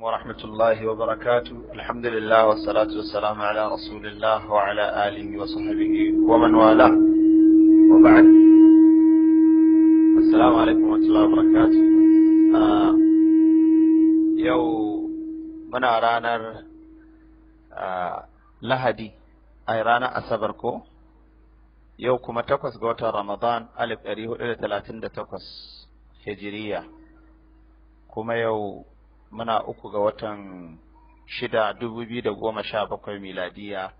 ورحمة الله وبركاته الحمد لله والصلاة والسلام على رسول الله وعلى آله وصحبه ومن والاه وبعد السلام عليكم ورحمة الله وبركاته آه يو من أرانا آه لهدي أي رانا أسبركو يو كما تقص قوة رمضان ألف أريه إلى ثلاثين تقص هجرية kuma yau muna uku ga watan shida dubu biyu da goma sha bakwai miladiya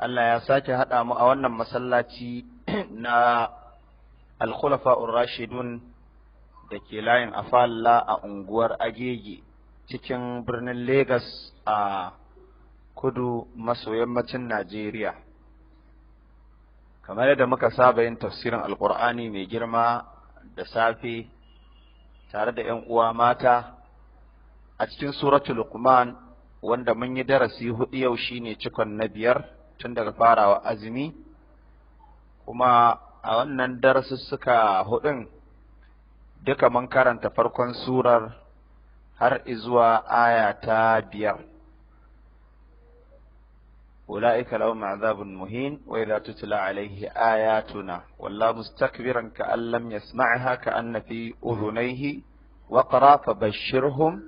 Allah ya sake haɗa mu a wannan masallaci na alkhulafa rashidun da ke layin afalla a unguwar agege cikin birnin Legas a kudu maso yammacin Najeriya. Kamar yadda muka saba yin tafsirin Alƙur'ani mai girma da safe tare da ‘yan uwa mata a cikin suratul Luqman wanda mun yi darasi hudu yau ne cikon na biyar tun daga farawa azumi kuma a wannan darasussuka hudun duka mun karanta farkon surar har izuwa aya ta biyar. أولئك لهم عذاب مهين وإذا تتلى عليه آياتنا ولا مستكبرا كأن لم يسمعها كأن في أذنيه وقرا فبشرهم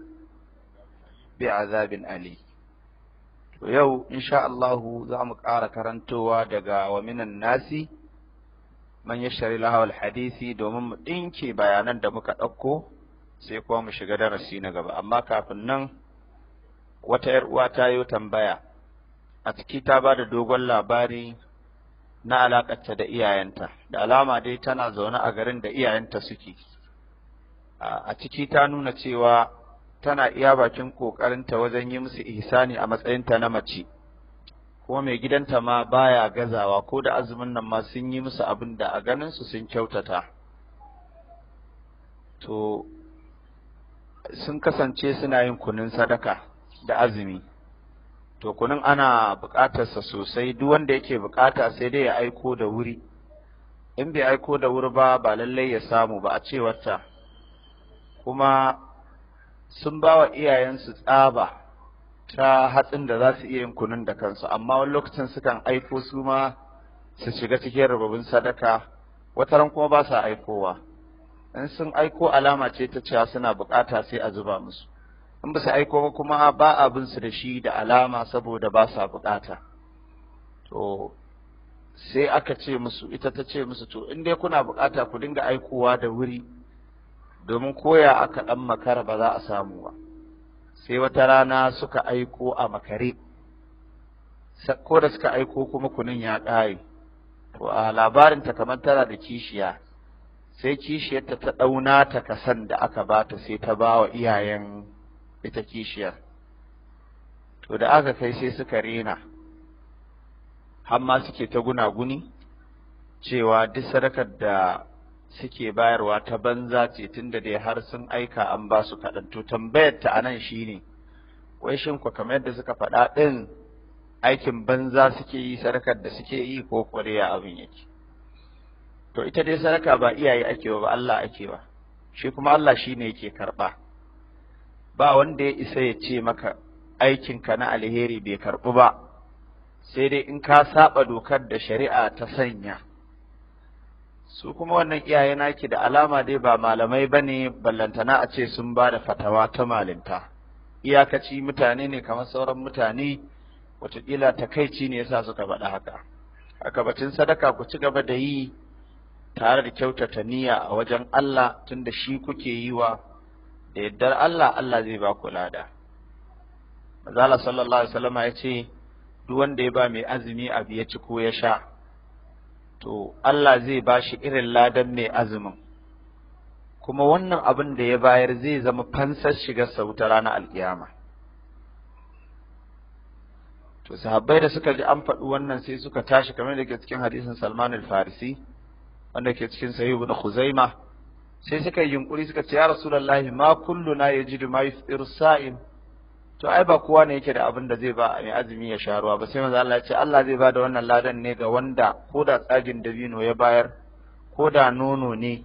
بعذاب أليم yau insha Allahu za mu ƙara karantowa daga wa minan nasi man yashari lahawal hadisi domin mu ɗinke bayanan da muka ɗauko sai kuma mu shiga darasi na gaba amma kafin nan wata 'yar uwa tambaya a ciki ta ba da dogon labari na alaƙarta da iyayenta da alama dai tana zaune a garin da iyayenta suke a ciki ta nuna cewa tana iya bakin ƙoƙarinta wajen yi musu ihsani a matsayinta na mace kuma mai gidanta ma baya gazawa ko da azumin nan ma sun yi musu abin da a ganin su sun kyautata to sun kasance suna yin kunun sadaka da azumi to kunun ana buƙatarsa sosai duk wanda yake buƙata sai dai ya aiko da wuri in bai aiko da wuri ba ba lallai ya samu ba a cewarta kuma sun ba wa iyayensu tsaba ta hatsin da za su iya yin kunun da kansu amma wani lokacin sukan aiko su ma su shiga cikin rububin sadaka ran kuma ba sa aikowa in sun aiko alama ce ta cewa suna buƙata sai a zuba musu in ba su aiko ba kuma ba abin su da shi da alama saboda ba sa bukata to sai aka ce musu ita ta ce musu to in dai kuna bukata ku dinga aikowa da wuri domin koya aka dan makara ba za a samu ba sai wata rana suka aiko a makare ko da suka aiko kuma kunin ya ƙaye to a labarin ta kamar tana da kishiya sai kishiyarta ta ɗauna ta kasan da aka bata sai ta ba wa iyayen ita kishiyar to da aka kai sai suka rena har suke ta gunaguni cewa duk sadakar da suke bayarwa ta banza ce tunda dai har sun aika an ba su kaɗan to tambayar ta anan shine wai shin ku kamar yadda suka faɗa ɗin aikin banza suke yi sadakar da suke yi ko kwariya abin yake to ita dai sadaka ba iyaye ake ba ba Allah ake ba shi kuma Allah shi ne yake karɓa ba wanda ya isa ya ce maka aikinka na alheri bai karɓu ba sai dai in ka saba dokar da shari'a ta sanya su kuma wannan iyaye naki da alama dai ba malamai ba ne ballantana a ce sun ba da fatawa ta malinta iyakaci mutane ne kamar sauran mutane Watakila takaici ne yasa suka faɗa haka haka batun sadaka ku ci gaba da yi tare da kyautata niyya a wajen Allah tunda shi kuke yi wa da yaddar Allah Allah zai ba ku lada Mazala sallallahu alaihi wasallam ya ce duk wanda ya ba mai azumi abu ya ci ko ya sha to Allah zai ba shi irin ladan mai azumin kuma wannan abin da ya bayar zai zama fansar shigar wuta ranar alkiyama to sahabbai da suka ji an faɗi wannan sai suka tashi kamar da ke cikin hadisin Salman al-Farisi wanda ke cikin Sahih ibn Khuzaimah sai suka yi yunkuri suka ce ya rasulullahi ma kulluna ya ma yufṭiru sa'im to ai ba kowa ne yake da abin da zai ba mai azumi ya sha ruwa ba sai manzo Allah ya ce Allah zai bada wannan ladan ne ga wanda ko da tsagin dabino ya bayar ko da nono ne